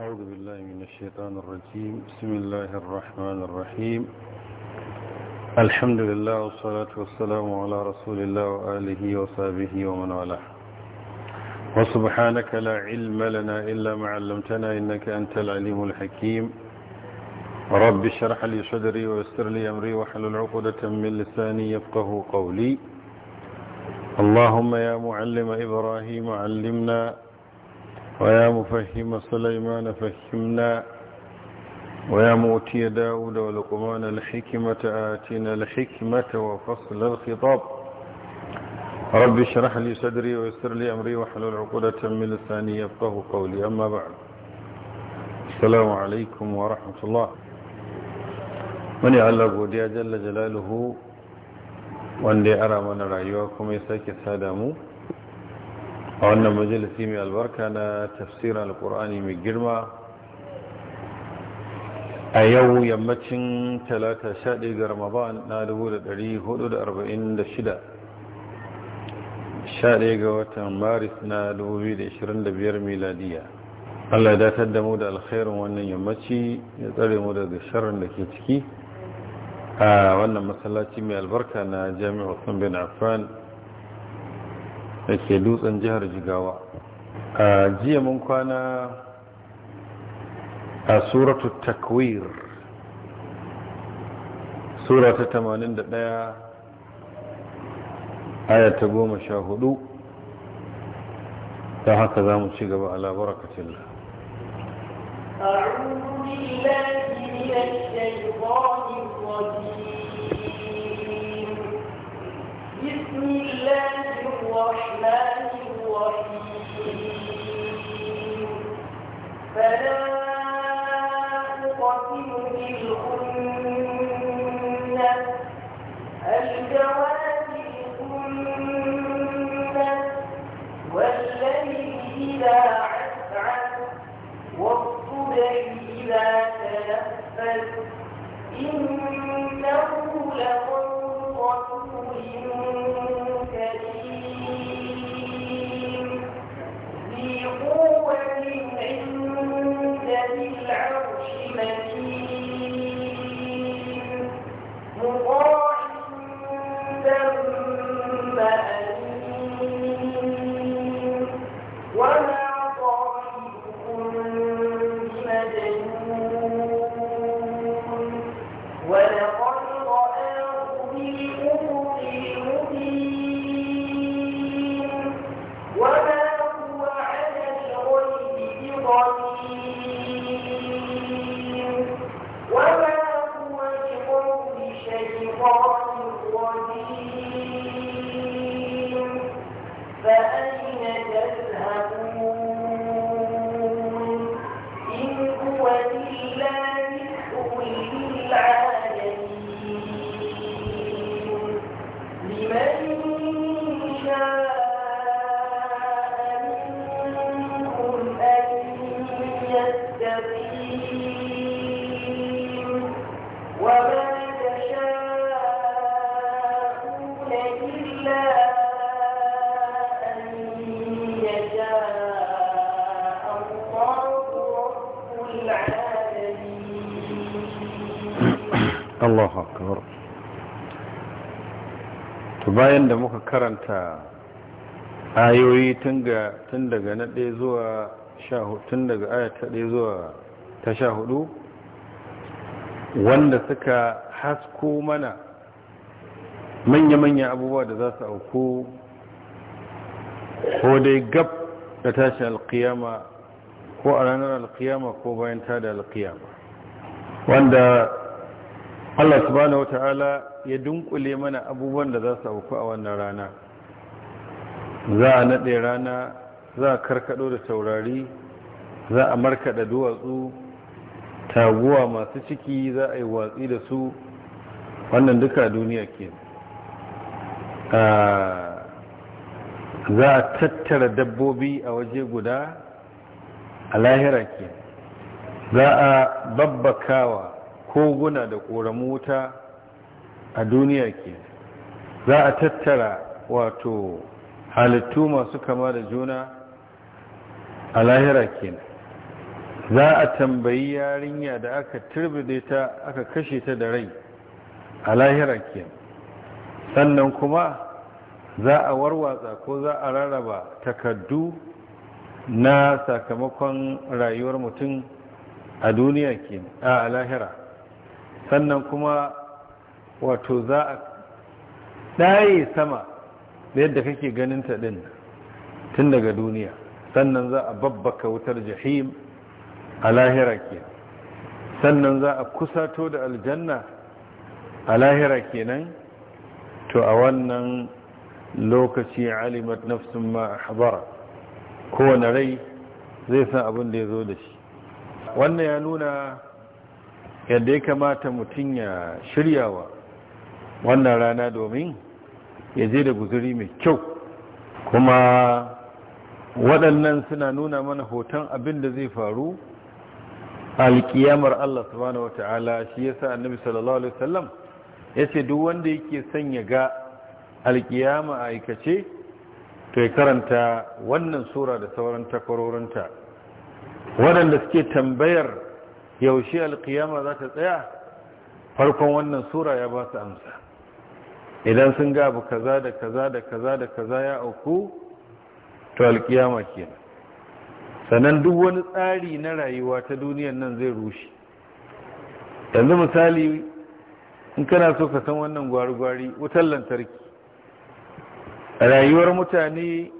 أعوذ بالله من الشيطان الرجيم بسم الله الرحمن الرحيم الحمد لله والصلاة والسلام على رسول الله وآله وصحبه ومن والاه وسبحانك لا علم لنا إلا ما علمتنا إنك أنت العليم الحكيم رب اشرح لي صدري ويسر لي أمري واحلل عقدة من لساني يفقه قولي اللهم يا معلم إبراهيم علمنا ويا مفهم سليمان فهمنا ويا موتي داود ولقمان الحكمة آتنا الحكمة وفصل الخطاب رب اشرح لي صدري ويسر لي أمري واحلل العقودة من الثاني يفقه قولي أما بعد السلام عليكم ورحمة الله من يعلق ودي جل جلاله وان دي أرى من رأيوكم يساك سادمو a wannan majalisi mai albarka na tafsirin alkur'ani mai girma a yau yammacin talata 11 ga ramadan na 1446 11 ga watan maris na 2025 miladiya allah datar da mu da alkhairun wannan yammaci ya tsare mu daga sharrin da ke ciki a wannan masallaci mai albarka na jami'ar bin Afan. da ke dutsen jihar jigawa a jiya mun kwana a suratu takwir sura ta 81 aya ta 14 ta haka za mu ci gaba ala barakatun أعوذ بالله من الشيطان الرجيم فلا أقسم بالخنة الجواب الخنة والليل إذا عسعس والصبح إذا تنفس إنه لقد bayan da muka karanta ayoyi tun daga na ɗaya zuwa tun daga ayata ɗaya zuwa ta sha hudu wanda suka hasko mana manya-manya abubuwa da za su auku ko dai gab da tashin alkiyama ko a ranar alkiyama ko bayan ta da alkiyama wanda Allah subhanahu wata'ala ya dunkule mana abubuwan da za su auku a wannan rana za a naɗe rana za a karkaɗo da taurari za a markaɗa duwatsu taguwa masu ciki za a yi watsi da su wannan duka duniya ke za a tattara dabbobi a waje guda a lahira ke za a babbakawa koguna da ƙoramu wuta a duniya ke za a tattara wato halittu masu kama da juna a lahira ke za a tambayi yarinya da aka turbide ta aka kashe ta da rai a lahira ke sannan kuma za a warwatsa ko za a rarraba takardu na sakamakon rayuwar mutum a duniya ke a lahira sannan kuma wato za a ɗaye sama da yadda kake ganinta ɗin tun daga duniya sannan za a babbaka wutar jahim a lahira kenan sannan za a kusato da aljanna a lahira kenan to a wannan lokaci alimat nafsun ma a habara kowane rai zai san abin da ya zo da shi wannan ya nuna yadda ya kamata mutum ya shirya wa wannan rana domin ya je da guzuri mai kyau kuma waɗannan suna nuna mana hoton abin da zai faru alkiyamar Allah subhanahu wata'ala shi yasa annabi sallallahu alaihi wasallam yace duk wanda yake son ya ga alkiyama a aikace to ya karanta wannan sura da sauran takwarorinta waɗanda suke tambayar yaushe alkiyama za ta tsaya farkon wannan sura ya ba su amsa idan sun gabu kaza da kaza da kaza da kaza ya auku to alkiyama kenan sannan duk wani tsari na rayuwa ta duniyan nan zai rushe yanzu misali in kana so ka san wannan gwari-gwari wutar lantarki rayuwar mutane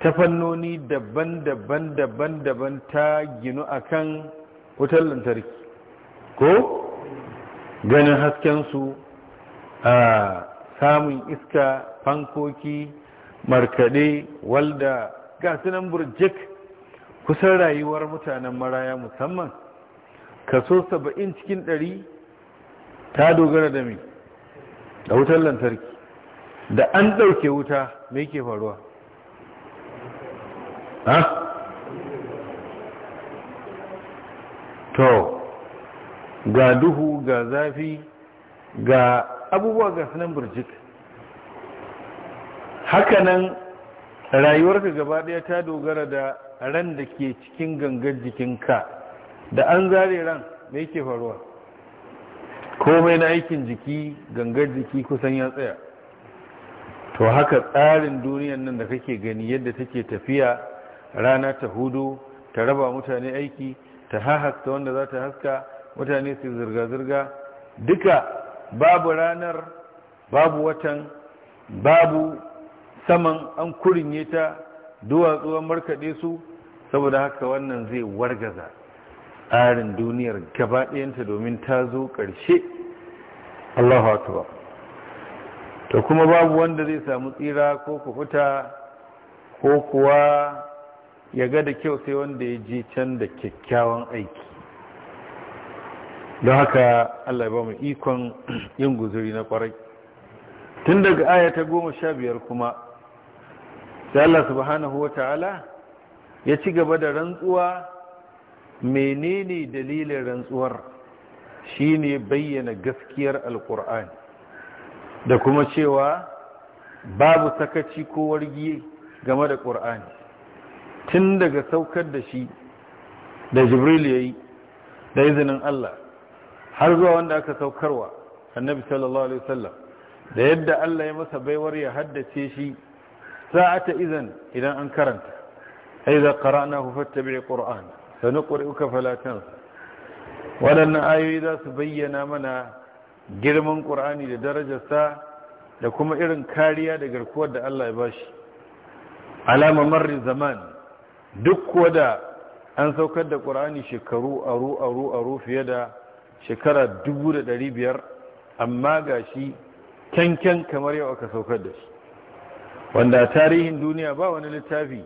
ta fannoni daban-daban daban-daban ta ginu akan wutar lantarki ko ganin haskensu a samun iska fankoki markade walda gasunan burjik kusan rayuwar mutanen maraya musamman kaso saba'in cikin ɗari ta dogara da mai da wutar lantarki da an ɗauke wuta mai ke faruwa ha to ga duhu ga zafi ga abubuwa ga sunan burjik hakanan rayuwarka gaba ɗaya ta dogara da ran da ke cikin gangar jikinka da an zare ran da yake faruwa komai na aikin jiki gangar jiki kusan ya tsaya to haka tsarin duniyan nan da kake gani yadda take tafiya rana ta hudu ta raba mutane aiki ta hahaska wanda za ta haska mutane su zirga-zirga duka babu ranar babu watan babu saman an kurinye ta duwatsuwan markaɗe su saboda haka wannan zai wargaza tsarin duniyar gabaɗayanta domin ta zo ƙarshe allahu akbar to kuma babu wanda zai samu tsira ko kufuta ko kuwa ya ga da kyau sai wanda ya je can da kyakkyawan aiki don haka Allah ba mu ikon yin guzuri na kwarai tun daga aya ta goma sha biyar kuma sai Allah subhanahu wa ta'ala ya ci gaba da rantsuwa menene dalilin rantsuwar shine bayyana gaskiyar alkur'an da kuma cewa babu sakaci ko wargi game da ƙur'ani tun daga saukar da shi da jibril ya yi da izinin Allah har zuwa wanda aka saukarwa annabi sallallahu alaihi wasallam da yadda Allah ya masa baiwar ya haddace shi ta izan idan an karanta aiza qara'nahu fattabi' qur'an sanuqri'uka fala tansa wadannan ayoyi za su bayyana mana girman qur'ani da darajarsa da kuma irin kariya da garkuwar da Allah ya bashi alama marri zaman duk kuwa da an saukar da ƙur'ani shekaru aru aru aru fiye da shekara dubu da ɗari biyar amma ga shi kyankyan kamar yau aka saukar da shi wanda tarihin duniya ba wani littafi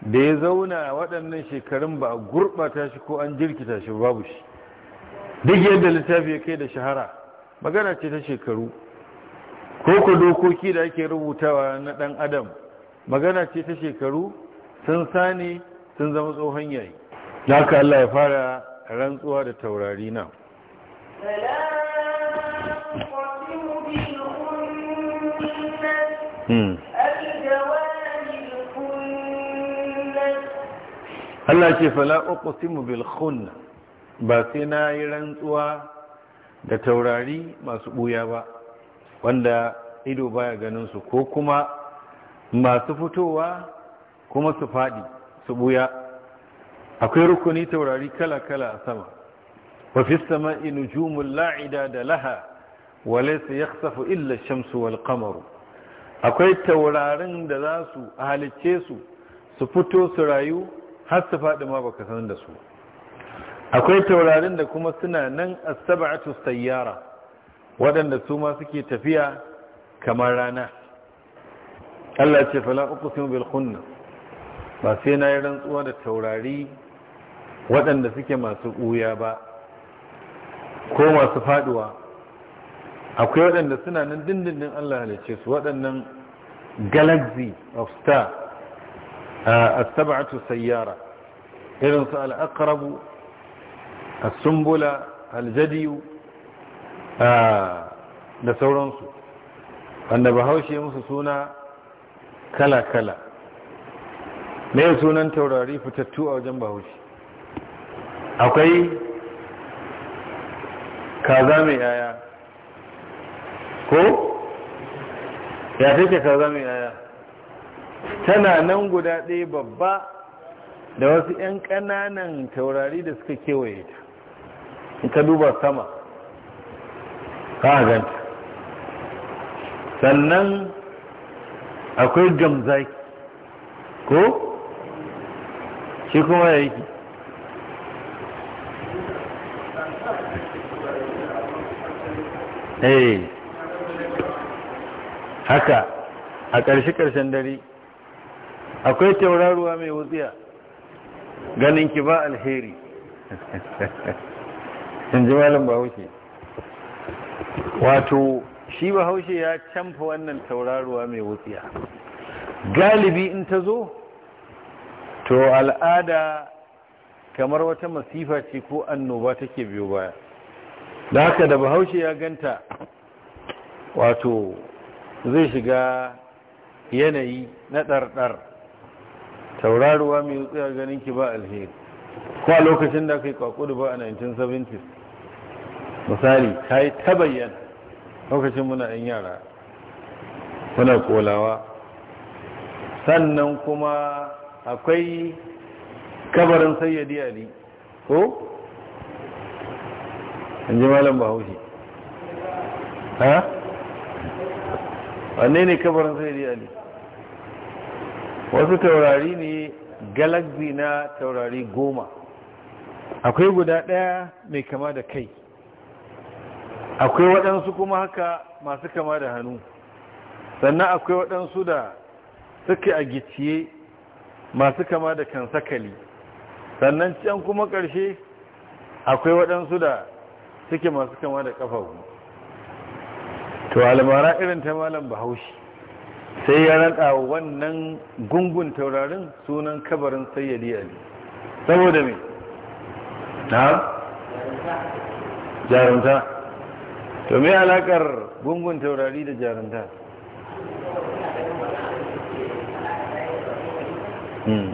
da ya zauna waɗannan shekarun ba a gurɓata shi ko an jirkita shi babu shi duk yadda littafi ya kai da shahara magana ce ta shekaru ko ku dokoki da ake rubutawa na ɗan adam magana ce ta shekaru sun sani sun zama tsohon yayi da haka Allah ya fara rantsuwa da taurari na hmm. Allah ce fala uqsimu bil ba sai na yi rantsuwa da taurari masu ɓuya ba wanda ido baya ganin su ko kuma masu fitowa kuma su faɗi su buya akwai rukuni taurari kala-kala a sama wafi sama inujumun la'ida da laha wale su ya safa illa shamsu wal kamaru akwai taurarin da za su halicce su su fito su rayu har su faɗi ma baka san da su akwai taurarin da kuma suna nan a saba'atu sayyara waɗanda su ma suke tafiya kamar rana Allah ce fala uku sun khunnas ba sai na yi rantsuwa da taurari waɗanda suke masu ɓuya ba ko masu faɗuwa akwai waɗanda suna nan dindindin Allah halice su waɗannan galaxy of star a sab'atu sayyara irin su al'akarabu a sumbula aljadiyu da sauransu wanda haushe musu suna kala-kala mai sunan taurari fitattu a wajen bahaushe akwai kaza mai yaya ko ya take kaza mai yaya tana nan guda ɗaya babba da wasu 'yan ƙananan taurari da suka kewaye ta in ka duba sama ka ganta sannan akwai gamzaki ko shi kuma ya yi eh, haka a ƙarshe-ƙarshen dare akwai tauraruwa mai wutsiya ganin ki ba alheri in ji malam bahaushe wato shi bahaushe ya canfa wannan tauraruwa mai wutsiya galibi in ta zo to al'ada kamar wata masifa ce ko annoba take biyo baya da haka da bahaushe ya ganta wato zai shiga yanayi na ɗarɗar tauraruwa mai tsaya ganin ki ba alheri ko a lokacin da aka yi kwakudu ba a 1970s misali ta yi ta bayyana lokacin muna 'yan yara muna kolawa sannan kuma akwai kabarin sayyadi ali ko an ji malam bahaushe ha wanne ne kabarin sayyadi ali wasu taurari ne galaxy na taurari goma akwai guda ɗaya mai kama da kai akwai waɗansu kuma haka masu kama da hannu sannan akwai waɗansu da suke a gicciye masu kama da kansakali sannan can kuma ƙarshe akwai waɗansu da suke masu kama da ƙafafu to almara irin ta malam bahaushe sai ya raka wannan gungun taurarin sunan kabarin sayyadi ali saboda me na jarumta to me alakar gungun taurari da jarumta Hmm.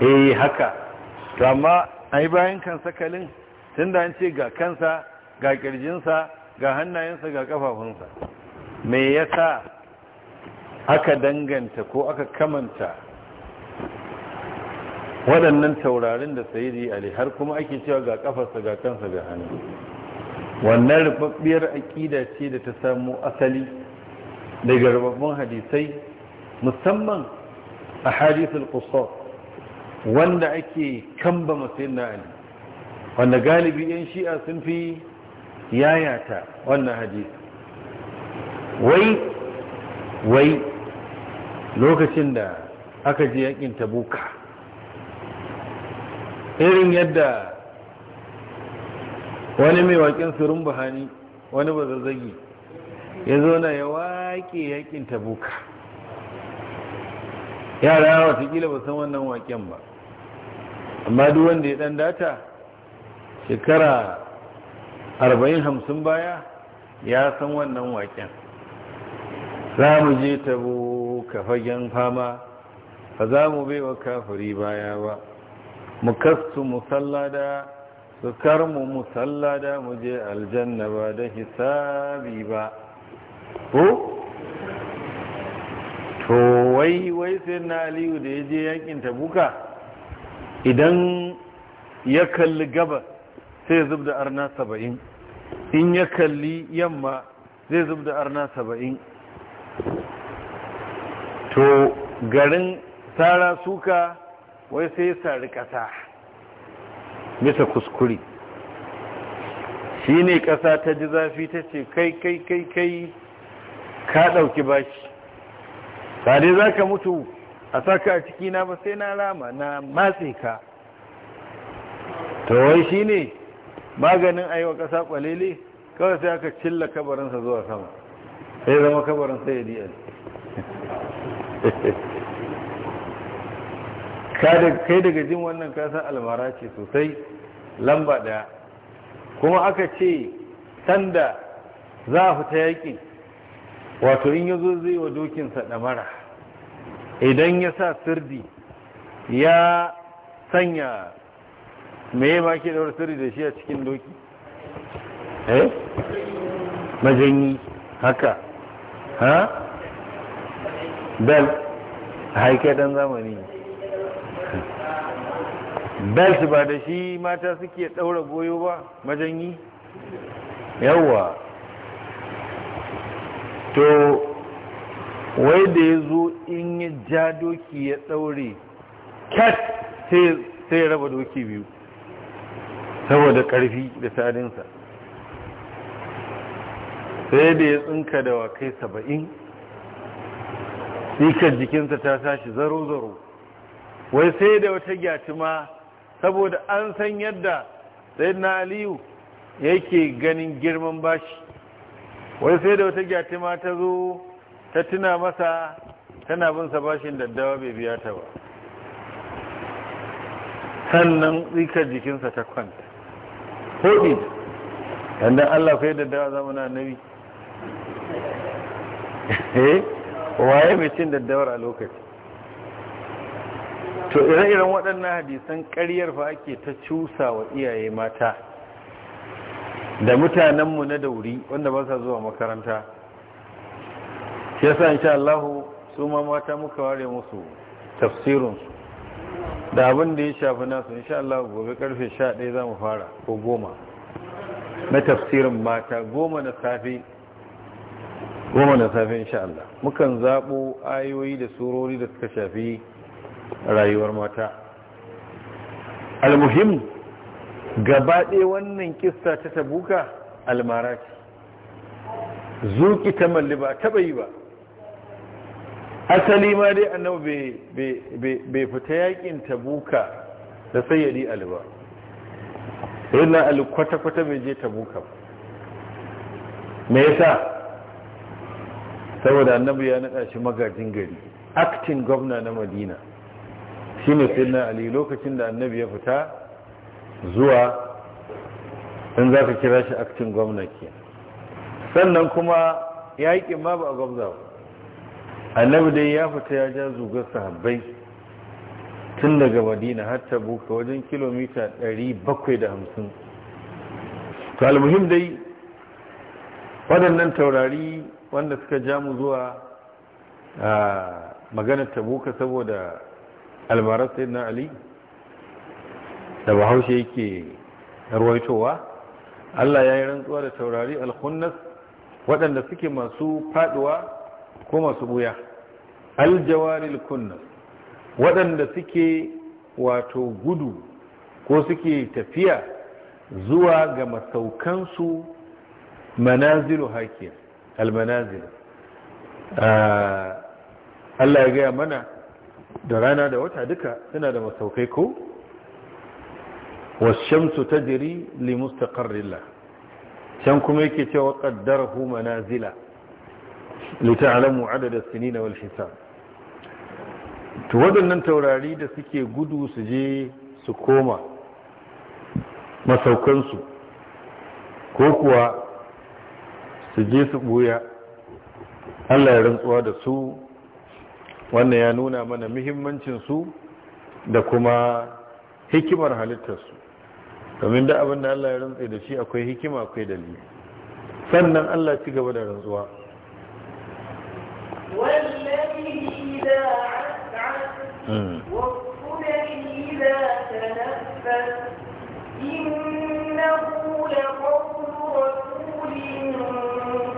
eh haka to amma ai bayan kan sakalin tunda an ce ga kansa ga kirjinsa ga hannayensa ga kafafunsa me yasa aka danganta ko aka kamanta waɗannan taurarin da sayidi ali har kuma ake cewa ga kafarsa ga kansa ga hannu wannan rufaffiyar aƙida ce da ta samu asali daga rubabbun hadisai musamman a hadisul qusas wanda ake kamba masayyidina ali wanda galibi yan shi'a sun fi yayata wannan hadisi wai wai lokacin da aka je yakin tabuka irin yadda wani mai waƙin surun buhari wani bazazzagi ya zo na ya waƙe yakin tabuka yara watakila ba san wannan waken ba amma duk wanda ya dan data shekara 40-50 baya ya san wannan waken za mu je tabuka kafagen fama ba za mu baiwa kafuri baya ba mu kastu musallada su karmu musallada mu je aljanna ba da hisabi ba ko to wai wai sai na aliyu da ya je yakin tabuka idan ya kalli gaba sai zub arna saba'in in ya kalli yamma zai zub arna saba'in to garin tsara suka wai sai ya sari ƙasa bisa kuskure shi ne ƙasa ta ji zafi ta ce kai kai kai kai ka ɗauki bashi ba dai za ka mutu a saka a ciki na ba sai na rama na matse ka wai shi ne maganin aiwa ƙasa ƙwalele kawai sai aka cilla kabarinsa zuwa sama sai zama kabarinsa ya diya. kai daga jin wannan kasan almara ce sosai lamba ɗaya kuma aka ce sanda za a fita yaƙi wato in ya zo zai wa dokinsa ɗamara idan ya sa sirdi ya sanya mai ma ke daura sirdi da shi a cikin doki eh majanyi haka ha bel haike dan zamani belt ba da shi mata suke daura goyo ba majanyi yawwa to wai da ya zo in ya ja doki ya ɗaure cat sai raba doki biyu saboda ƙarfi da sadinsa sai da ya tsinka da kai saba'in ikar jikinsa ta sashi zaro-zaro wai sai da wata ma saboda an san yadda sai na aliyu yake ganin girman bashi wai sai da wata gyatima ta zo ta tuna masa tana bin sa bashin daddawa bai biya ta ba sannan tsikar jikinsa ta kwanta hoɗi yandan allah kai daddawa zamana nabi eh waye mai cin daddawar a lokaci to ire-iren waɗannan hadisan ƙaryar fa ake ta cusa wa iyaye mata da mutanenmu na dauri wanda ba sa zuwa makaranta yasa insha Allah su ma mata muka ware musu tafsirinsu da abin da ya shafi nasu insha Allah gobe karfe 11 za mu fara ko goma na tafsirin mata goma na safe goma na safe insha Allah mukan zabo ayoyi da surori da suka shafi rayuwar mata al-muhim gaba ɗaya wannan kista ta tabuka almara ce zuki ta malli ba taɓa yi ba asali ma dai annabi bai fita yakin tabuka da sayyadi alba yana alkwata-kwata mai je tabuka me sa? saboda annabi ya naɗa shi magajin gari acting gwamna na madina shi ne sai na ali lokacin da annabi ya fita zuwa in za ka kira shi aktin gwamnati. sannan kuma yi ma ba a gwamna annabi dai ya fita ya ja zugar sahabbai tun daga madina har ta buka wajen kilomita 750 to almuhim dai waɗannan taurari wanda suka ja mu zuwa a ah, maganar tabuka saboda almarar na ali da bahaushe yake ruwaitowa Allah ya yi rantsuwa da taurari alkhunnas waɗanda suke masu faɗuwa ko masu buya aljawaril kunnas waɗanda suke wato gudu ko suke tafiya zuwa ga masaukansu manazilu hakiya almanazilu ah, Allah ya gaya mana da rana da wata duka suna da masaukai ko wasu tajri li mustaqarrillah can kuma yake cewa qaddarahu manazila Lita alamu adada as-sinin wal to waɗannan taurari da suke gudu su je su koma masaukansu ko kuwa su je su ɓuya allah ya rantsuwa da su wannan ya nuna mana muhimmancinsu da kuma hikimar halittarsu domin da abin da Allah ya rantse da shi akwai hikima akwai dalili sannan Allah ci gaba da rantsuwa wallahi da wa kulli da tanaffas innahu laqawlu rasulin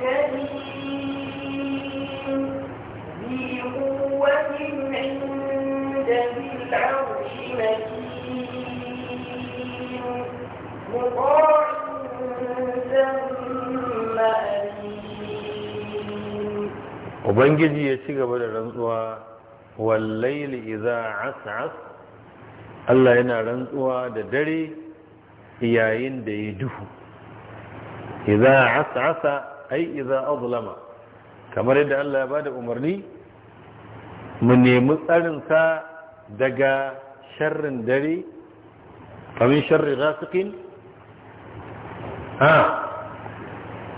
karim bi quwwatin 'inda bil ubangiji ya ci gaba da rantsuwa wallaili iza as'as Allah yana rantsuwa da dare yayin da ya duhu iza as'asa ai iza azlama kamar yadda Allah ya bada umarni mu nemi tsarin sa daga sharrin dare kamin sharri rasikin ha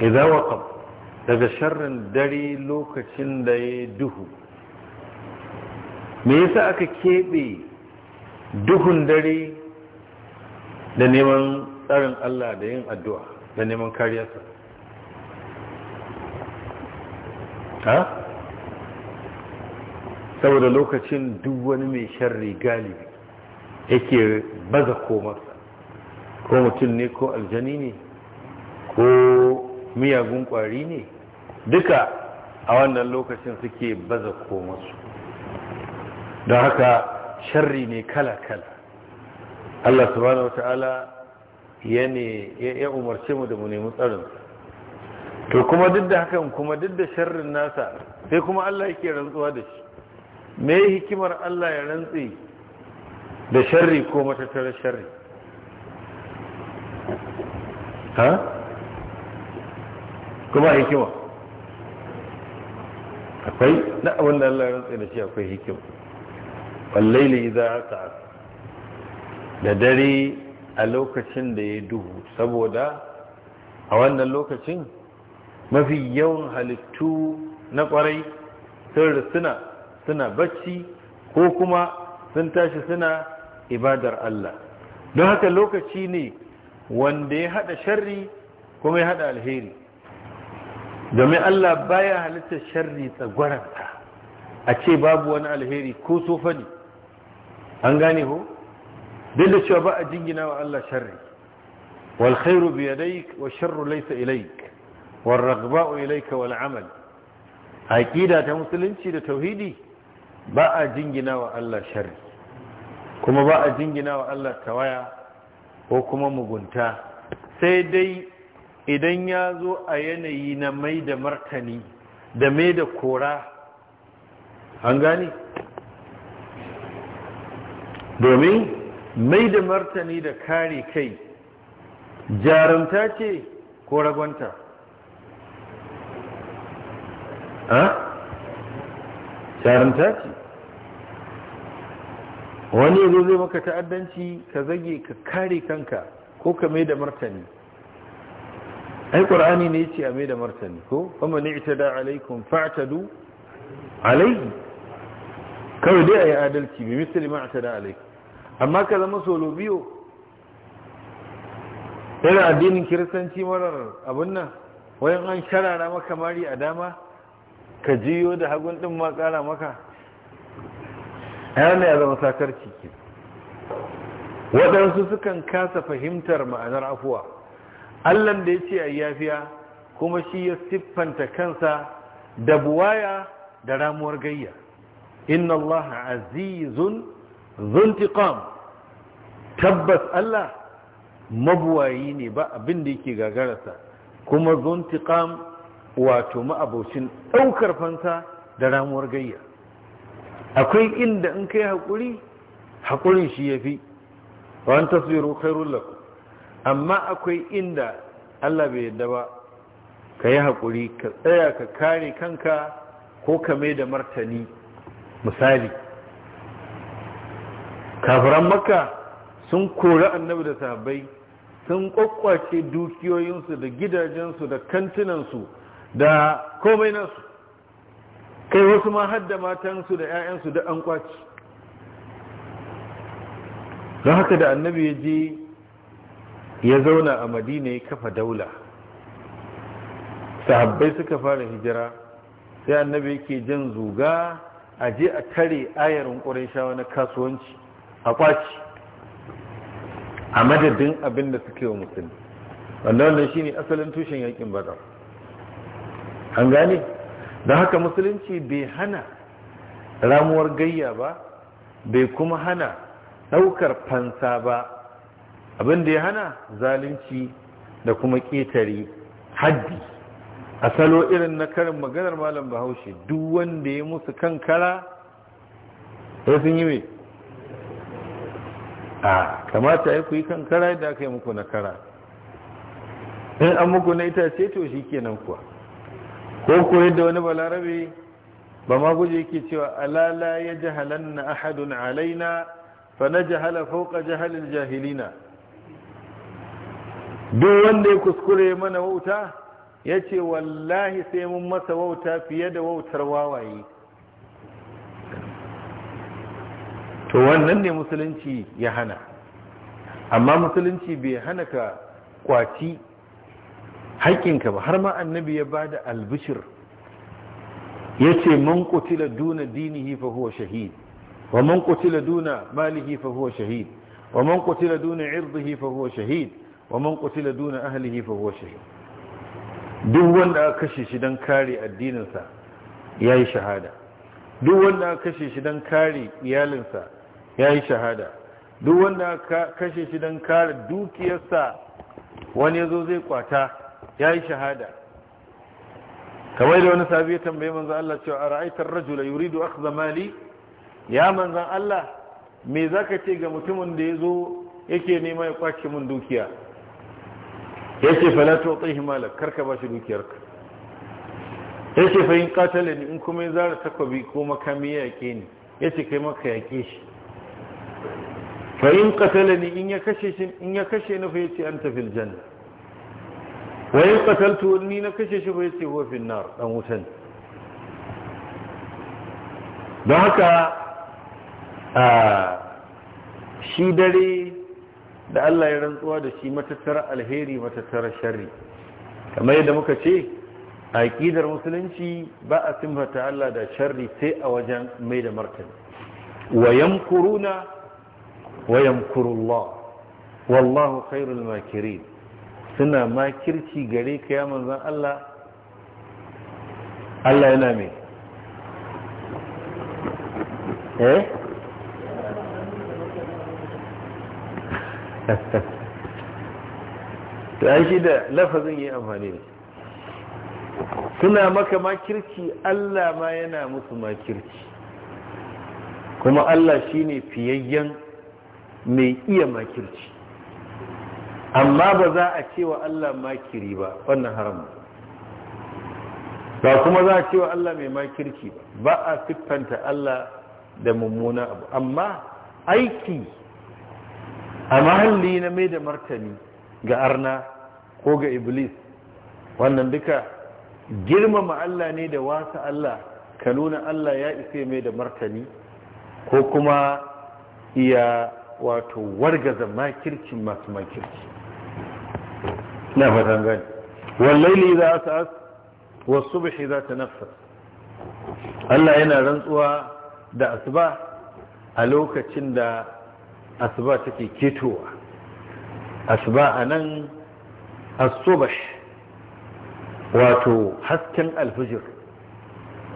idza waqab daga sharrin dare lokacin da ya duhu me yasa aka kebe duhun dare da neman tsarin Allah da yin addu'a da neman kariyarsa ha saboda lokacin duk wani mai sharri galibi yake baza komarsa ko mutum ne ko aljani ne miyagun ƙwari ne duka a wannan lokacin suke baza komasu don haka sharri ne kala-kala Allah subhanahu wata'ala ya ne ya umarce mu da mu nemi tsarinsa to kuma duk da hakan kuma duk da sharrin nasa sai kuma Allah yake rantsuwa da shi me hikimar Allah ya rantsi da sharri ko matattarar sharri ha? kuma hikima akwai na abin da Allah ya rantsa da shi akwai hikima wallaili za as'as da dare a lokacin da ya duhu saboda a wannan lokacin mafi yawan halittu na kwarai sun suna suna bacci ko kuma sun tashi suna ibadar Allah don haka lokaci ne wanda ya haɗa shari kuma ya haɗa alheri domin Allah baya halitta sharri tsagwaranta a ce babu wani alheri ko sofa ne an gane ho duk da cewa ba a jingina wa Allah sharri wal khairu bi yadayk wa sharru laysa ilayk wal raghba'u ilayka wal amal aqida ta musulunci da tauhidi ba a jingina wa Allah sharri kuma ba a jingina wa Allah tawaya ko kuma mugunta sai dai idan ya zo a yanayi na mai da martani da mai da kora an gani domin mai da martani da kare kai jarumta ce ko ragwanta a jarumta ce wani yanzu zai maka ta'addanci ka zage ka kare kanka ko ka mai da martani ai qur'ani ne yace a mai da martani ko kuma ni itada alaikum fa'tadu alayhi kawai dai ai adalci bi misali ma itada alaikum amma ka zama solo biyo yana addinin kiristanci marar abun nan wayan an sharara maka mari a dama ka jiyo da hagun din ma kara maka ayyana ya zama sakarci ki waɗansu sukan kasa fahimtar ma'anar afuwa allan da ya ce a yafiya kuma shi ya siffanta kansa da buwaya da ramuwar gayya inna allah azizun zuntiqam tabbas allah mabuwayi ne ba abin da yake gagararsa kuma zuntiqam wato ma'abocin ɗaukar fansa da ramuwar gayya akwai inda in kai haƙuri haƙurin shi ya fi wani taswiru kairun amma akwai inda Allah bai yadda ba ka yi haƙuri ka tsaya ka kare kanka ko ka mai da martani misali kafiran makka sun kori annabi da sahabbai sun ƙwaƙwace dukiyoyinsu da gidajensu da kantinansu da komai nasu kai wasu ma hadda matansu da 'ya'yansu da an ƙwaci don haka da annabi ya je ya zauna a madina ya kafa daula sahabbai suka fara hijira sai annabi yake jan zuga a je a kare ayarin ƙurashawa na kasuwanci a kwaci a madadin abin da suke wa musulmi wanda wannan shine asalin tushen yakin badar an gane da haka musulunci bai hana ramuwar gayya ba bai kuma hana ɗaukar fansa ba abin da ya hana zalunci da kuma ƙetare haddi a salo irin na karin maganar malam bahaushe duk wanda ya musu kankara ya sun yi mai a kamata ya ku yi kankara da aka yi muku na kara in an muku na itace to shi ke nan kuwa ko ku yadda wani balarabe ba ma guje yake cewa alala ya jahalanna ahadun alaina fa na jahala fauka jahalin jahilina duk wanda ya kuskure mana wauta ya ce wallahi sai mun masa wauta fiye da wautar wawaye to wannan ne musulunci ya hana amma musulunci bai hana ka kwaci haƙƙinka ba har ma annabi ya ba da albishir ya ce man kutila duna dini hifa huwa shahid wa man kutila duna malihi fa huwa shahid wa man kutila duna irdihi fa huwa shahid wa man qutila duna ahlihi fa huwa shahid duk wanda aka kashe shi dan kare addininsa yayi shahada duk wanda aka kashe shi dan kare iyalinsa yayi shahada duk wanda aka kashe shi dan kare dukiyarsa wani yazo zai kwata yayi shahada kamar da wani sabi ya tambaye manzo Allah cewa ara'aitar rajula yuridu akhdha mali ya manzo Allah me zaka ce ga mutumin da yazo yake nema ya kwace min dukiya ya ce fa la tu'tihi malak karka ba shi dukiyarka ya ce fa in qatala ni in kuma ya zara takwabi ko makami ya yake ni ya ce kai maka yake shi fa in qatala ni in ya kashe shi in ya kashe ni fa yace anta fil janna wa in qataltu ni na kashe shi fa yace huwa fil nar dan wutan don haka ah, shi dare da Allah ya rantsuwa da shi matattara alheri matattara sharri kamar yadda muka ce a aqidar musulunci ba a simfata Allah da sharri sai a wajen mai da martani wa yamkuruna wa yamkurullah wallahu khairul makirin suna makirci gare ka ya manzon Allah Allah yana mai eh to ai shi da lafazin yi amfani da suna maka makirci Allah ma yana musu makirci kuma Allah shine fiyayyen mai iya makirci amma ba za a ce Allah makiri ba wannan haram ba kuma za a ce Allah mai makirci ba ba a siffanta Allah da mummuna abu amma aiki a mahalli na mai da martani ga arna ko ga iblis wannan duka girmama Allah ne da wasa Allah ka nuna Allah ya isa mai da martani ko kuma iya wato wargaza makircin masu makirci na fatan gani wallaili za a sa'as wasu bishi za ta nafsa Allah yana rantsuwa da asuba a lokacin da asuba take ketowa asuba a nan asubash wato hasken alfijir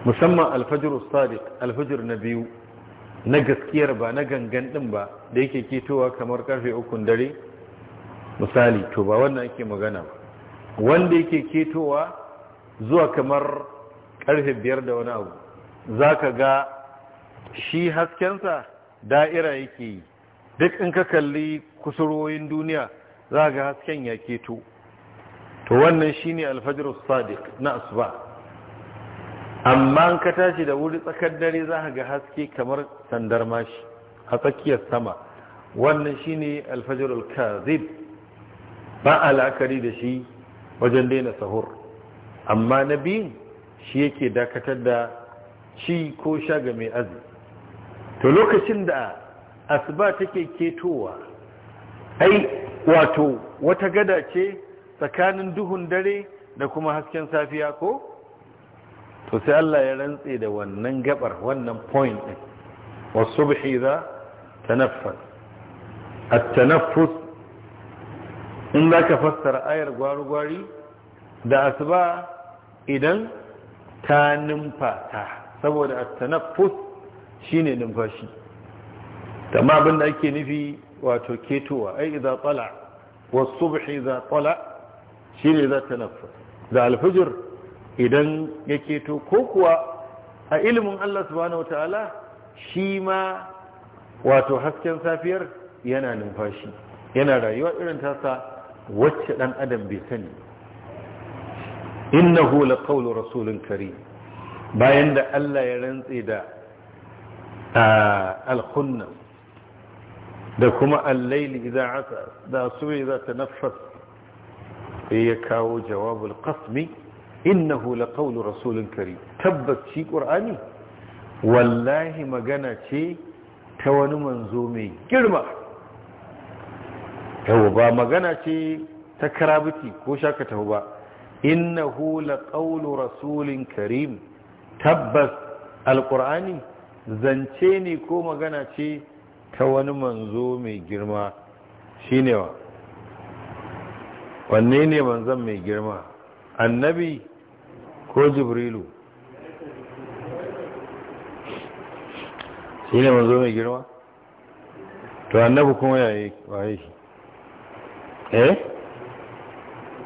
musamman alfajir sadiq alfijir na biyu na gaskiyar ba na gangan din ba da yake ketowa kamar karfe ukun dare misali to ba wannan ake magana ba wanda yake ketowa zuwa kamar karfe biyar da wani abu za ga shi haskensa da'ira yake yi duk in ka kalli kusurwoyin duniya za ga hasken ya keto to wannan shi ne alfajr sadiq na asuba amma in ka tashi da wuri tsakar dare za ga haske kamar sandar mashi a tsakiyar sama wannan shi ne al kazib ba alakari da shi wajen daina sahur amma na biyun shi yake dakatar da ci ko sha ga mai azi. to lokacin da asuba take ketowa ai wato wata gada ce tsakanin duhun dare da kuma hasken safiya ko to sai Allah ya rantse da wannan gabar wannan point din wasubhi za tanaffus at-tanaffus in zaka fassara ayar gwari da asuba idan ta numfata saboda at-tanaffus shine numfashi tamma abin da ake nufi wato ketowa ai wasu tala za subh shi ne shine idza tanaffas da alfajr idan ya keto ko kuwa a ilimin Allah subhanahu wataala shi ma wato hasken safiyar yana numfashi yana rayuwa irin tasa wacce dan adam bai sani innahu laqawlu rasulin Kare, bayan da Allah ya rantse da ah, al da kuma allaili idan aka da suwe za ta nafas ya kawo jawabul kasmi innahu laqawlu rasulun kari tabbas shi ƙur'ani. wallahi magana ce ta wani manzo mai girma yau ba magana ce ta karabiti ko shaka ba innahu laqawlu rasulun karim tabbas alƙur'ani zance ne ko magana ce ta wani manzo mai girma shine wa wanne ne manzon mai girma annabi ko jibrilu shi ne manzo mai girma to annabi kuma yayi waye shi eh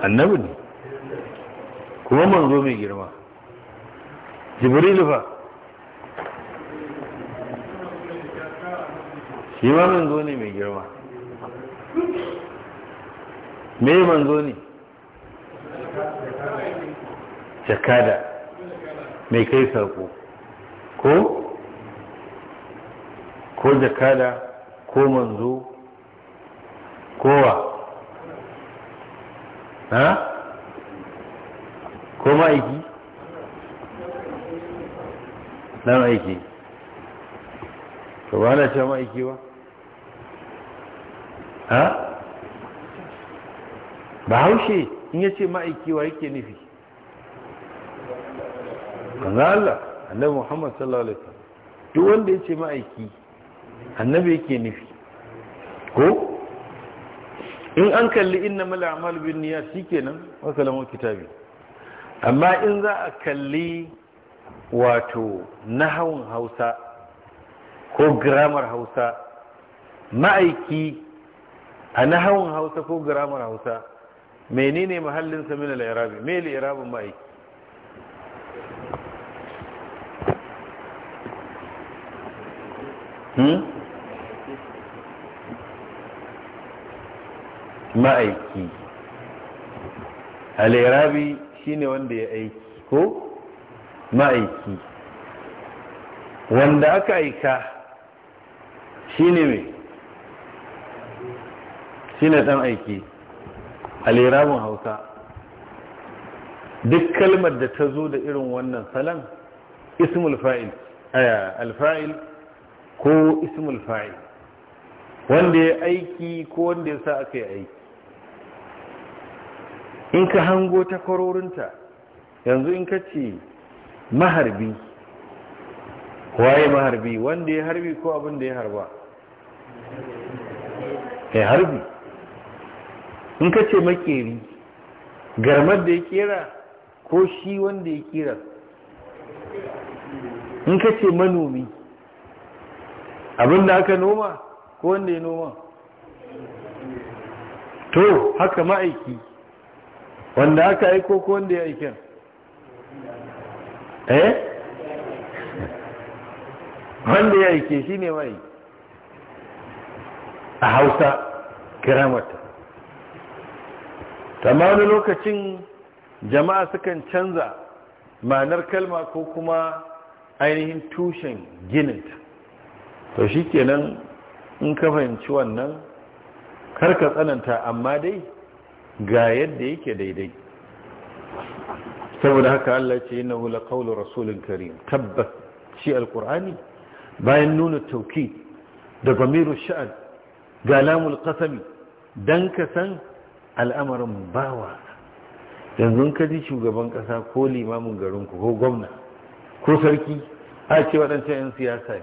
annabi ne kuma manzo mai girma jibrilu fa shi ma manzo ne mai girma me manzo ne jakada mai kai sako ko ko jakada ko manzo kowa ha ko ma'aiki dan aiki to ba na ce ma'aiki ba ha ba haushe in ya ce ma'aikiwa yake nufi kanzu Allah annabi Muhammad sallallahu alaihi wasallam duk wanda ya ce ma'aiki annabi yake nufi ko in an kalli inna mala a'mal bin niyyat shikenan wa kalamun kitabi amma in za a kalli wato nahawun Hausa ko gramar Hausa ma'aiki a nahawun hausa ko gramar hausa menene mahallin sa min al-i'rabi me al-i'rabun ma yake hmm ma'aiki al-i'rabi shine wanda ya aiki ko ma'aiki wanda aka aika shine mai shine ɗan aiki a lirabin hausa duk kalmar da ta zo da irin wannan salam ismul fa'il aya alfa'il ko ismul fa'il wanda ya aiki ko wanda ya sa aka yi aiki in ka hango ta kwarorinta yanzu in ka ce maharbi waye maharbi wanda ya harbi ko abin da ya harba ya harbi in ka ce makeri garmar da ya kera ko shi wanda ya kera in ka ce manomi abinda aka noma ko wanda ya noma to haka ma'aiki wanda aka aiko ko wanda ya aikin eh wanda ya aike shi ne mai a hausa kiramata amma lokacin jama'a sukan canza ma'anar kalma ko kuma ainihin tushen gininta to shi kenan in ka fahimci wannan karka tsananta amma dai ga yadda yake daidai saboda haka Allah ce yana wula kaulun rasulun karim tabbas shi alkur'ani bayan nuna tauki da bamiru sha'ad ga lamul kasami don ka san al'amarin Bawa, yanzu ka ji shugaban kasa ko limamin garinku ko gwamna ko sarki a ce waɗancan 'yan siyasa ne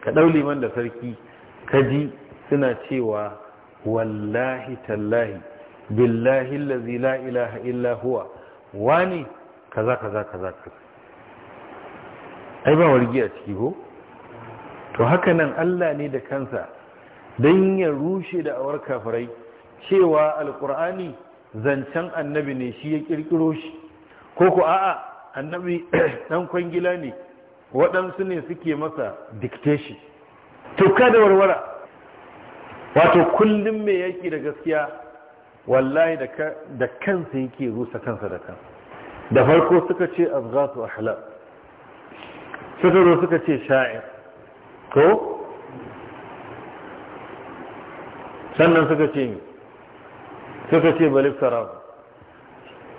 ka ɗau liman da sarki ka ji suna cewa wallahi tallahi billahi lazi la ilaha illa huwa wani kaza kaza kaza kaza ai ba wargi a ciki ko to haka nan Allah ne da kansa don ya rushe da awar kafirai cewa alkur'ani zancen annabi ne shi ya kirkiro shi ko ku a'a annabi dan kwangila ne waɗansu ne suke masa dictation Tuka da warwara wato kullum mai yaki da gaskiya wallahi da kansa yake rusa kansa da kan da farko suka ce azgatu ahlam suka zo suka ce sha'ir ko sannan suka ce ne suka ce baliftara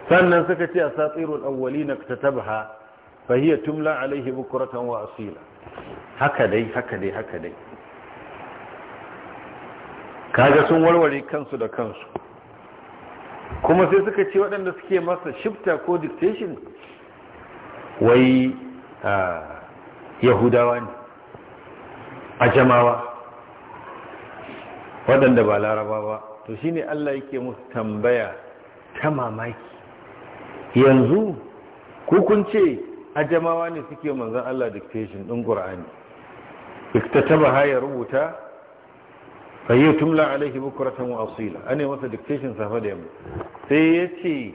sannan suka ce a satirul awwali na ta fahiyar tumla alaihi bukuratan wa asila haka dai haka dai haka dai kaga sun warware kansu da kansu kuma sai suka ce waɗanda suke masa shifta ko dictation wai yahudawa ne a jamawa waɗanda ba laraba ba to shine Allah yake musu tambaya ta mamaki yanzu ku kun ce ajamawa ne suke manzon Allah dictation din Qur'ani iktatabaha ya rubuta fayyar tumla alaihi bukuratan wa asila an masa dictation safa da yamma sai ya ce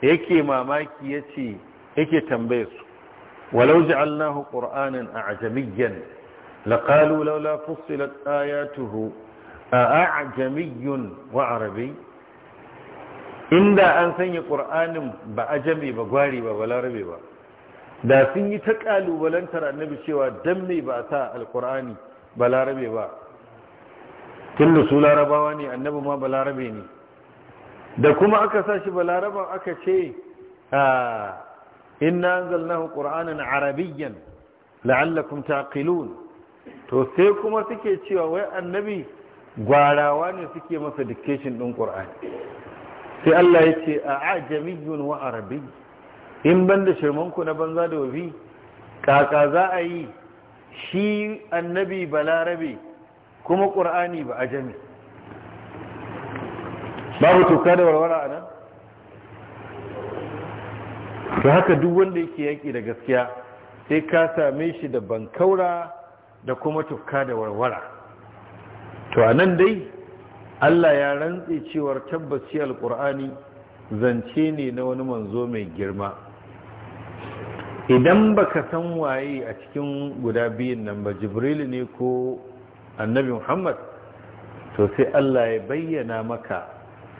yake mamaki ya ce yake tambaye su walau ja'alnahu qur'anan a'jamiyyan laqalu laula fussilat ayatuhu a'jamiyun wa arabi inda an sanya qur'anin ba'a ajami ba gwari ba ba da sun yi ta ƙalubalantar annabi cewa dan me ba sa alqur'ani balarabe ba tunda su larabawa ne annabi ma balarabe ne da kuma aka sa shi balaraba aka ce ah, inna anzalnahu qur'anan arabiyyan la'allakum taqilun to sai kuma suke cewa wai annabi gwarawa ne suke masa dictation ɗin ƙur'ani sai Allah ya ce a ajamiyyun wa arabi in ban da shirmanku na banza da wafi kaka za a yi shi annabi balarabe kuma ƙur'ani ba ajami babu tuka da warwara a nan da haka duk wanda yake yaƙi da gaskiya sai ka same shi da bankaura da kuma tuka da warwara to a nan dai allah ya rantse cewar tabbaci alkur'ani zance ne na wani manzo mai girma idan baka san waye a cikin guda biyun nan ba jibril ne ko annabi muhammad to sai allah ya bayyana maka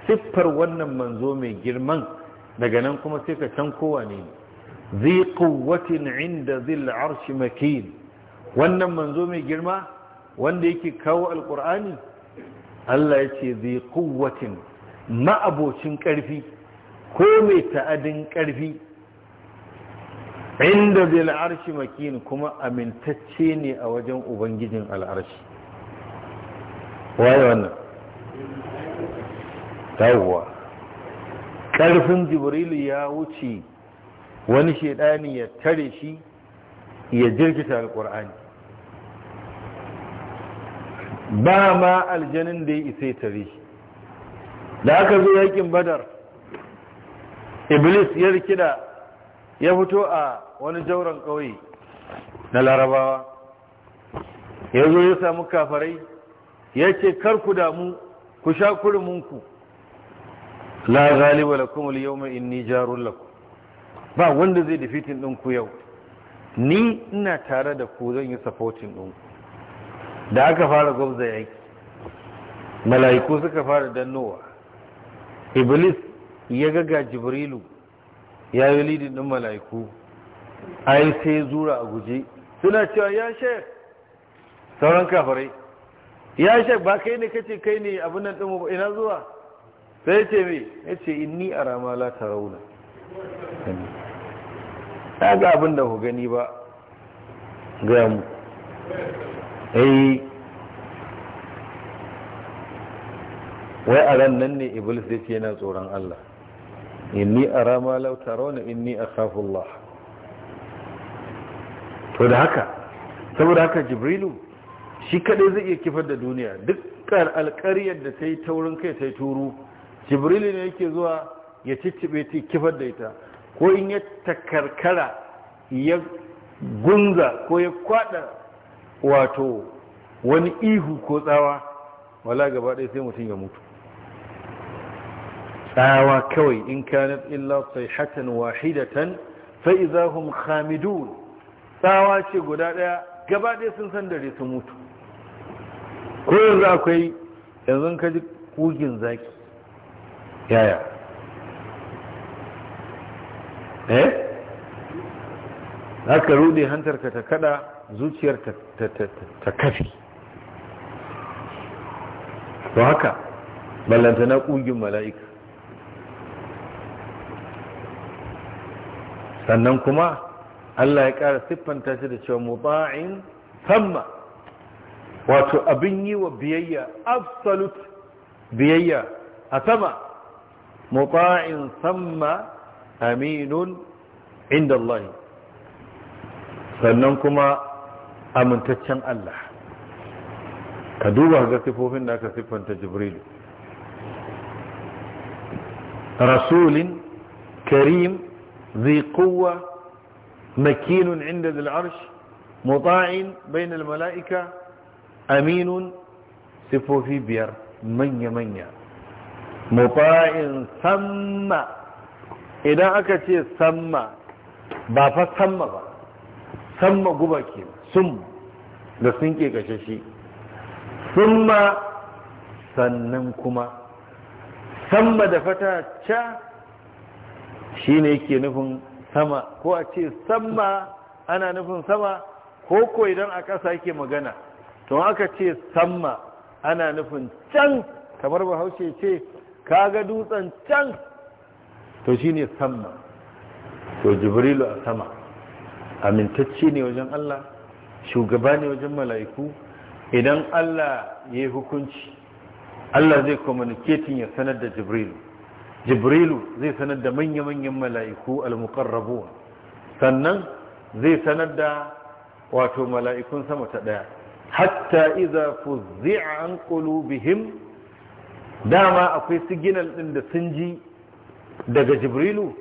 siffar wannan manzo mai girman daga nan kuma sai ka can kowa ne zai kuwatin inda zil arshi makin wannan manzo mai girma wanda yake kawo alkur'ani Allah ya ce zai kuwatin ma'abocin ƙarfi ko mai ta'adin ƙarfi inda zai la'arshi makin kuma amintacce ne a wajen ubangijin al'arshi waye wannan tawwa ƙarfin jibrilu ya wuce wani shaidani ya tare shi ya jirgita alkur'ani ba ma aljanin da ya isa tare da aka zo yakin badar iblis ya rikida ya fito a wani jauren ƙauye na larabawa ya zo ya samu kafarai ya ce karku damu ku sha kurminku la galiba lakum al-yawma inni jarun lakum ba wanda zai defeating ɗinku yau ni ina tare da ku zan yi supporting ɗinku da aka fara gwamza yaki mala'iku suka fara dannowa iblis ya gaga jibrilu ya yi lidin ɗin mala'iku ai sai zura a guje suna cewa ya shek sauran kafarai ya shek ba kai ne kace kai ne abin nan ɗin ina zuwa sai ya ce mai ya ce inni a ramala ta rauna ta ga abin da ku gani ba gaya mu ai eh. wai a ran nan ne iblis ya ce yana tsoron Allah inni ara ma law tarawna inni akhafu Allah to da haka saboda haka jibrilu shi kadai zai iya kifar da duniya dukkan alƙaryar da ta yi taurin kai ta yi turu jibrilu ne yake zuwa ya ciccibe ta kifar da ita ko in ya takarkara ya gunza ko ya kwada wato wani ihu ko tsawa wala gaba ɗaya sai mutum ya mutu tsawa kawai in kanat illa sayhatan wahidatan fa idahum khamidun tsawa ce guda ɗaya gaba ɗaya sun san dare sun mutu ko yanzu akwai yanzu ka ji kugin zaki yaya eh haka rude hantarka ta kada zuciyar ta kafi to haka ballanta na ƙugin mala'ika sannan kuma Allah ya ƙara siffanta shi da cewa muba'in samma wato abin yi wa biyayya absolute biyayya a sama muba'in samma aminun inda Allah sannan kuma amintaccen Allah ka duba ga sifofin da aka siffanta jibril rasulin karim zai kowa makinun inda zil'arsh mutsa'in bainal mala'ika aminun sifofi biyar manya-manya mutsa'in samma idan aka ce samma ba fa samma ba samma guba ke ba sum da sun ke kashe shi summa sannan kuma samma da fata ca shi ne ke nufin sama ko a ce samma ana nufin sama ko ko idan a ƙasa yake magana to aka ce sama ana nufin can kamar bahaushe ce kaga dutsen can to shine samma to jibrilu a sama amintacci ne wajen Allah shugaba ne wajen mala'iku idan Allah ya hukunci Allah zai communicating ya sanar da Jibrilu Jibrilu zai sanar da manya-manyan mala'iku al-muqarrabu sannan zai sanar da wato mala'ikun sama ta ɗaya hatta iza fuzzi'a an qulubihim dama akwai siginal ɗin da sun ji daga Jibrilu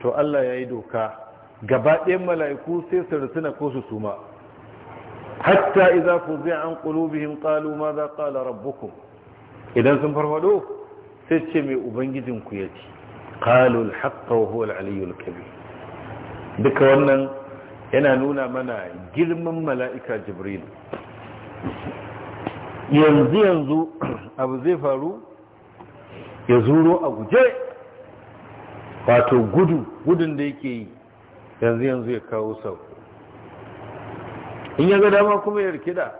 to Allah ya yi doka gaba ɗayan mala'iku sai su rutsuna ko su suma hatta idza zai an bihin qalu madha qala rabbukum idan sun farfado sai ce mai ubangijin ku yace qalu al-haqqa wa huwa al-aliyyul duka wannan yana nuna mana girman mala'ika jibril yanzu yanzu abu zai faru ya zuro a guje wato gudu gudun da yake yi yanzu yanzu ya kawo sau in ya ga dama kuma ya rikida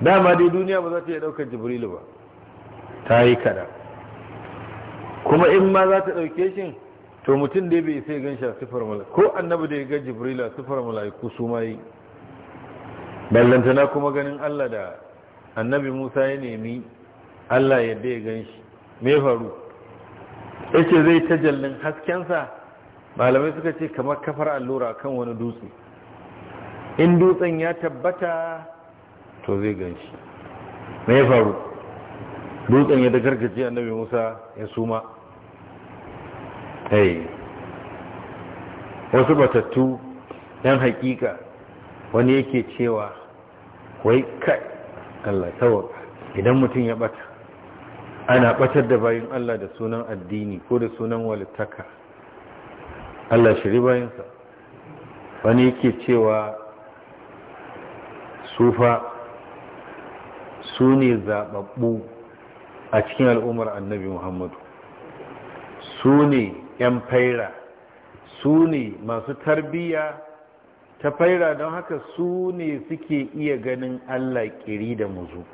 dama dai duniya ba za ta iya ɗaukar jibrilu ba ta yi kada kuma in ma za ta ɗauke shi to mutum dai bai sai gan shi a sifar mala'iku ko annabi da ya ga jibrilu a sifar mala'iku su ma yi ballantana kuma ganin allah da annabi musa ya nemi allah yadda ya gan shi me faru yace zai ta jallin haskensa malamai suka ce kamar kafar allura kan wani dutse in dutsen ya tabbata to zai gan shi me ya faru dutsen ya a annabi musa ya suma hey. wasu batattu yan hakika wani yake cewa wai kai allah tawaka idan mutum ya bata ana batar da bayan allah da sunan addini ko da sunan walittaka allah shiri bayansa wani yake cewa sufa su ne zaɓaɓɓu a cikin al'ummar annabi muhammadu su ne 'yan faira su ne masu tarbiyya ta faira don haka su ne suke iya ganin allah ƙiri da muzu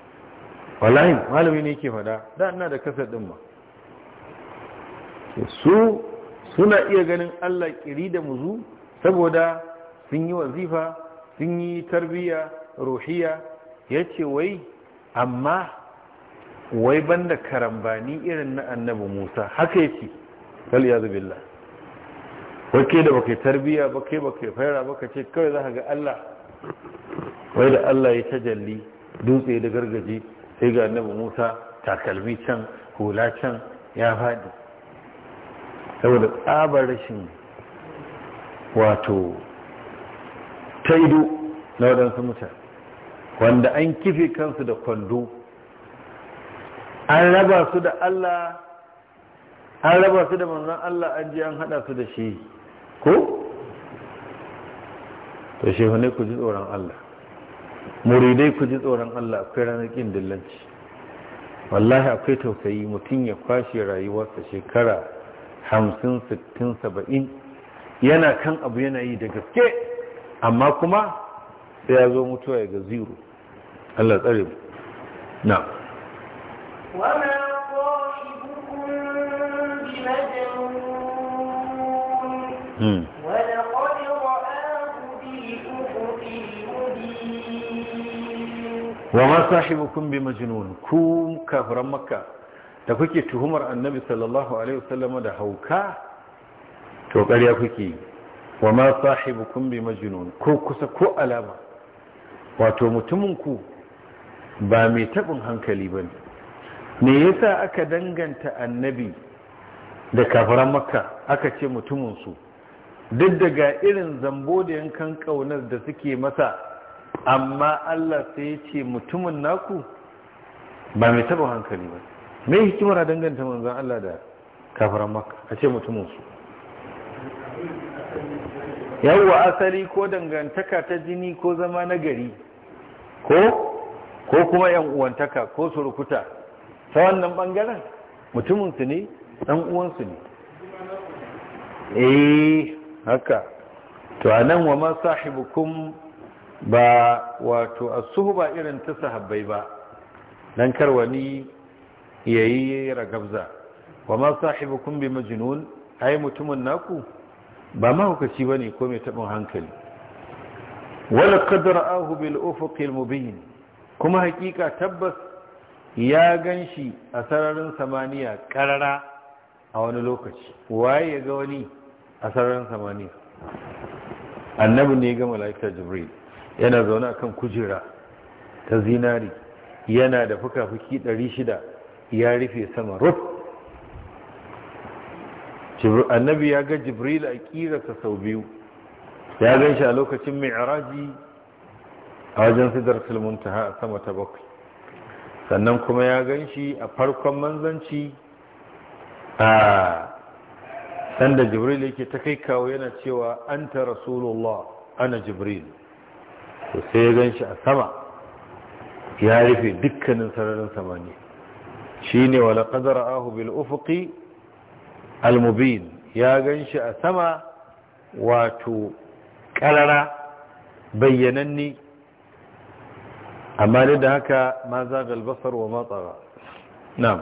wallahi malami ne ke fada da ina da kasar ɗin ba su suna iya ganin allah ƙiri da muzu saboda sun yi wazifa sun yi tarbiyya ruhiya ya ce wai amma wai banda karambani irin na annabi musa haka yake kal ya zubilla wake da baka tarbiya bakai baka faira baka ce kawai za ka ga allah wai da allah ya tajalli dutse da gargaji sai ga annabi musa takalmi can hula can ya faɗi saboda tsabar rashin wato ta ido na waɗansu mutane wanda an kife kansu da kwando an raba su da Allah an raba su da manzon Allah an je an hada su da shi ko to shehu ne ku ji tsoron Allah muridai ku ji tsoron Allah akwai ranar kin dillanci wallahi akwai tausayi mutum ya kwashe rayuwarsa shekara hamsin sittin saba'in yana kan abu yana yi da gaske amma kuma sai ya zo mutuwa ga zero Allah tsare mu na wama qahibukum bi majnun wa ma sahibukum bi majnun ku kafiran makka da kuke tuhumar annabi sallallahu alaihi wasallam da hauka to ƙarya kuke wa ma sahibukum bi majnun ko kusa ko alama wato mutumin ku ba mai taɓin hankali ba ne me sa aka danganta annabi da kafiran makka aka ce mutuminsu duk daga irin zambo da yankan ƙaunar da suke masa amma allah sai ya ce mutumin naku ba mai taɓin hankali ba mai hikimar a danganta manzan allah da kafiran makka a ce mutuminsu yawwa asali ko dangantaka ta jini ko zama na gari ko ko kuma yan uwantaka ko surukuta ta wannan bangaren mutumin su ne dan uwan ne eh haka to anan wa ma sahibukum ba wato as irin ta sahabbai ba dan karwani yayi ragabza wa ma sahibukum bi majnun ai mutumin naku ba mahaukaci bane ko mai tabin hankali wala qadra'ahu bil ufuqil mubin kuma hakika tabbas ya gan shi a sararin samaniya karara a wani lokaci waye ya ga wani a sararin samaniya annabi ne ga mala'ikar jibril yana zaune a kan kujera ta zinari yana da fuka-fuki 600 ya rufe sama ruf annabi ya ga jibril a kirarsa sau biyu ya gan shi a lokacin mai araji wajen sidar muntaha a sama ta bakwai sannan kuma ya gan shi a farkon manzanci a sanda jibril yake ta kai kawo yana cewa an ta rasulullah ana jibril to sai ya gan shi a sama ya rufe dukkanin sararin samani shi ne wala ƙadar ahu bil ufuqi almubin ya gan shi a sama wato ƙarara bayyananni amma ne da haka ma zagal basar wa ma tsara na'am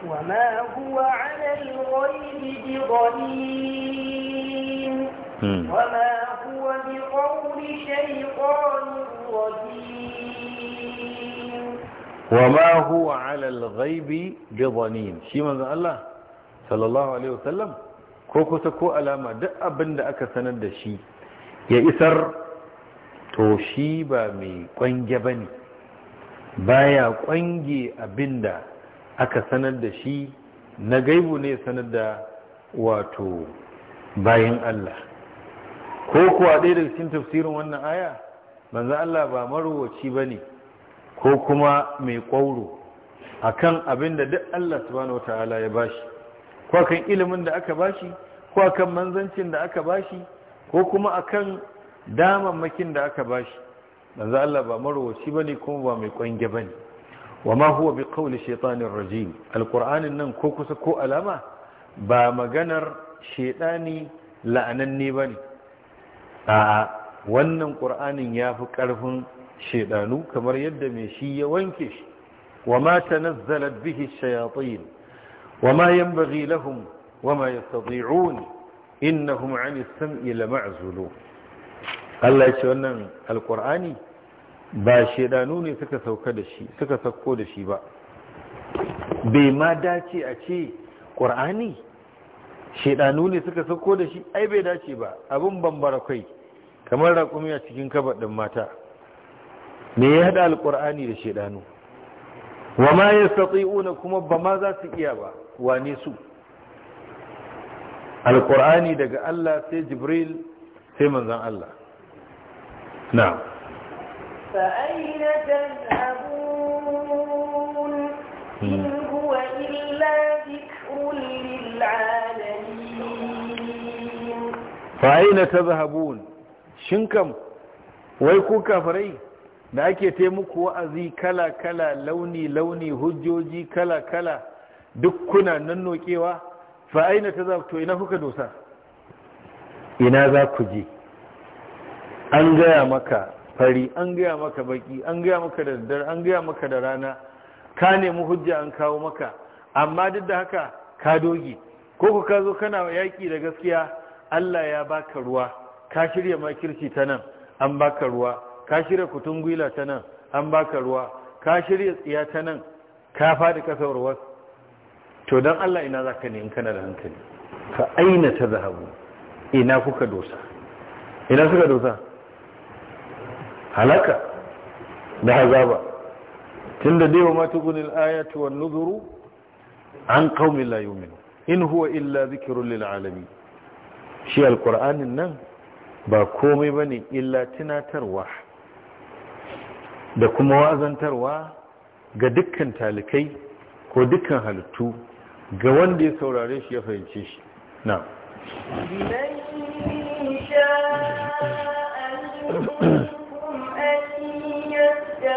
وما هو على الغيب بضليل وما هو بقول شيطان رجيم وما هو على الغيب بضنين شي manzon Allah sallallahu alaihi wasallam ko kusa ko alama duk abinda aka sanar da shi ya isar to shi ba mai kwange ba ne baya kwange abinda aka sanar da shi na gaibu ne sanar da wato bayan Allah ko kuwa ɗaya daga cikin tafsirin wannan aya manzo Allah ba marowaci ba ne ko kuma mai a kan abin da duk Allah subhanahu wata'ala ya bashi ko akan ilimin da aka bashi ko akan manzancin da aka bashi ko kuma akan makin da aka bashi manzo Allah ba marwaci bane kuma ba mai kwange bane wama huwa bi qawli shaytanir rajim alqur'anin nan ko kusa ko alama ba maganar shaytani la'ananne bane a wannan qur'anin yafi karfin shaydanu kamar yadda mai shi ya wanke shi wama tanazzalat bihi ash-shayatin wama yanbaghi lahum wama yastati'un innahum 'ani as-sam'i lama'zulun Allah ya ce wannan alkur'ani ba shaidanu ne suka sauka da shi suka sauko da shi ba bai ma dace a ce ƙur'ani shaidanu ne suka sauko da shi ai bai dace ba abin bambara kai kamar raƙumi a cikin ɗin mata me ya haɗa alƙur'ani da shaidanu wa ma ya una kuma ba ma za su iya ba wane su alƙur'ani daga Allah sai jibril sai manzan Allah نعم فأين تذهبون إن هو إلا ذكر للعالمين فأين تذهبون شنكم ويكو كافرين da ake taimako wa'azi kala-kala launi-launi hujjoji kala-kala duk kuna nan nokewa fa'aina ta za to ina kuka dosa ina za ku je an gaya maka fari an gaya maka baki an gaya maka da daddare an gaya maka da rana ka nemi hujja an kawo maka amma duk da haka ka doge ko ku ka zo kana yaƙi da gaskiya Allah ya baka ruwa ka shirya makirci ta nan an baka ruwa ka shirya kutun gwila ta nan an baka ruwa ka shirya tsiya ta nan ka faɗi ƙasar ruwa to don Allah ina za ka ne in kana da hankali ka aina ta zahabu ina kuka dosa ina suka dosa halaka da hazaba Tunda da dai wa matugunin ayatu wa nuzuru an kaumi la in huwa illa zikirun lil alami shi alkur'anin nan ba komai bane illa tunatarwa da kuma wazantarwa ga dukkan talikai ko dukkan halittu ga wanda ya saurare shi ya fahimce shi na Thank you.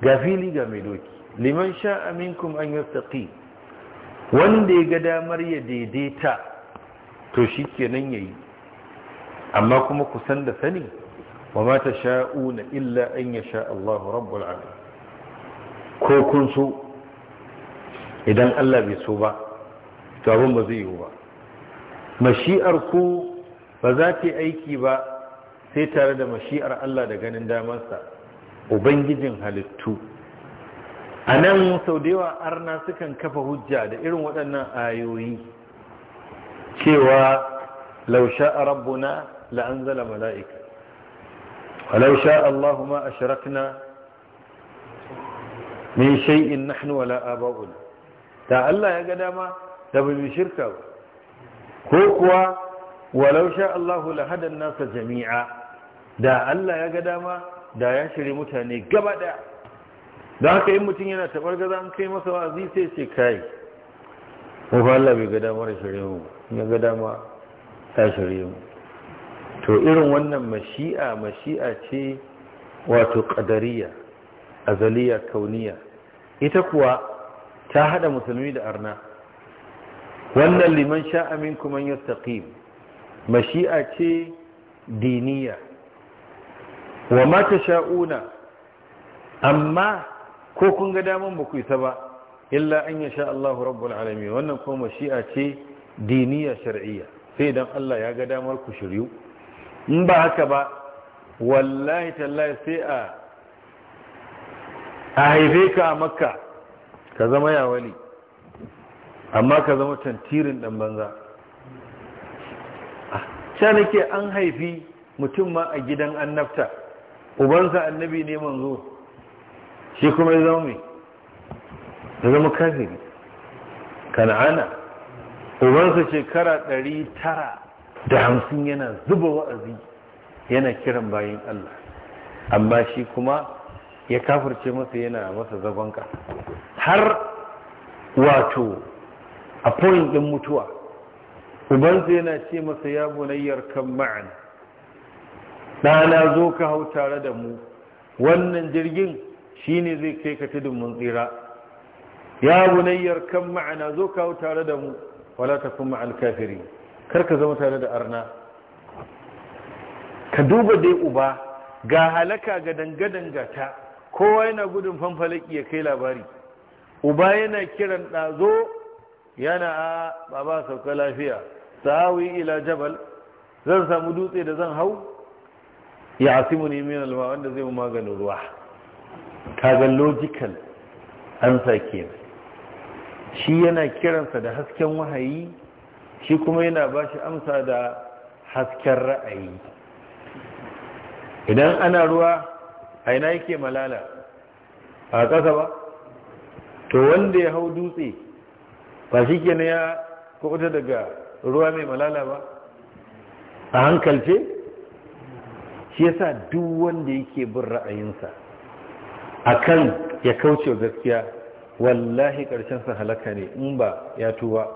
ga fili ga mai doki liman sha aminkum an yattaqi wanda ya ga damar ya daidaita to shi ya yi amma kuma ku san da sani wa ma sha'una illa an ya sha Allah rabbul alamin ko kun so idan Allah bai so ba to abin ba zai yiwu ba mashi'ar ku ba za ta aiki ba sai tare da mashi'ar Allah da ganin damarsa ubangijin halittu a nan sau da yawa arna sukan kafa hujja da irin waɗannan ayoyi cewa lausha a rabbuna la'anzala mala'ika lausha Allahuma a shirakna min shay'in nahnu wala aba'una da Allah ya ga dama da bai shirka ba ko kuwa walau sha Allahu la hadan nasa jami'a da Allah ya ga dama da ya shiri mutane gaba ɗaya. don haka yin mutum yana tabar gaza an kai masa wa'azi sai ce kai Ko Allah bai ga damar shirye mu ya ga dama ta shirye mu to irin wannan mashi'a mashi'a ce wato qadariya azaliya kauniya ita kuwa ta haɗa musulmi da arna wannan liman sha'a minkum an yastaqim mashi'a ce diniya wa mata sha'una amma ko kun ga daman ba ku isa ba illa an yasha Allahu rabbul alamin wannan kuma mashi'a ce diniya shar'iyya sai dan Allah ya ga damar ku shiryu in ba haka ba wallahi tallahi sai a a haife ka a makka ka zama ya wali, amma ka zama tantirin dan banza sha nake an haifi mutum ma a gidan annabta ubansa annabi ne manzo shi kuma ya zama mai ya zama kafiri kan'ana ubansa shekara ɗari tara da hamsin yana zuba wa'azi yana kiran bayan Allah amma shi kuma ya kafirce masa yana masa zagon har wato a point ɗin mutuwa ubansa yana ce masa ya bunayyar kan ma'ana ɗana zo ka hau tare da mu wannan jirgin shine zai kai ka tudun mun tsira ya bunayyar kan ma'ana zo ka hau tare da mu wala takun ma'al kafiri kar ka zama tare da arna ka duba dai uba ga halaka ga dangadanga ta kowa yana gudun fanfalaki ya kai labari uba yana kiran ɗazo yana a baba sauka lafiya sa'awi ila jabal zan samu dutse da zan hau ya asimu ne min alma wanda zai maganin ruwa kaga logical ansa ke shi yana kiransa da hasken wahayi shi kuma yana ba shi amsa da hasken ra'ayi idan ana ruwa a ina yake malala a ƙasa ba to wanda ya hau dutse ba shi na ya kuɗa daga ruwa mai malala ba a hankalce shi yasa duk wanda yake bin ra'ayinsa akan ya kauce gaskiya wallahi ƙarshen sa halaka ne in ba ya tuba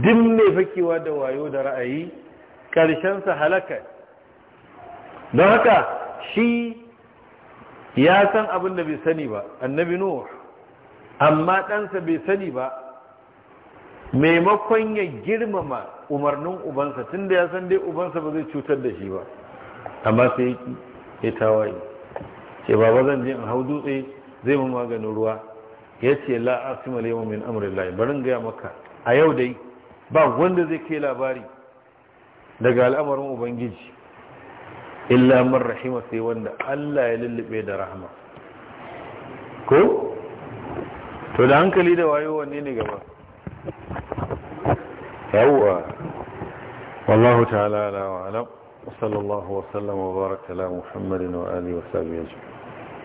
duk mai fakewa da wayo da ra'ayi ƙarshen sa halaka don haka shi ya san abin da bai sani ba annabi nuh amma ɗansa bai sani ba maimakon ya girmama umarnin ubansa tunda ya san dai ubansa ba zai cutar da shi ba amma sai yaki ya tawaye ce baba zan je in hau dutse zai mu maganin ruwa ya ce la asima yau min layi barin gaya maka a yau dai ba wanda zai kai labari daga al'amarin ubangiji illa man rahima sai wanda Allah ya lullube da rahama ko to da hankali da wayo wanne ne gaba yawwa wallahu ta'ala ala wa وصلى الله وسلم وبارك على محمد وآله وصحبه أجمعين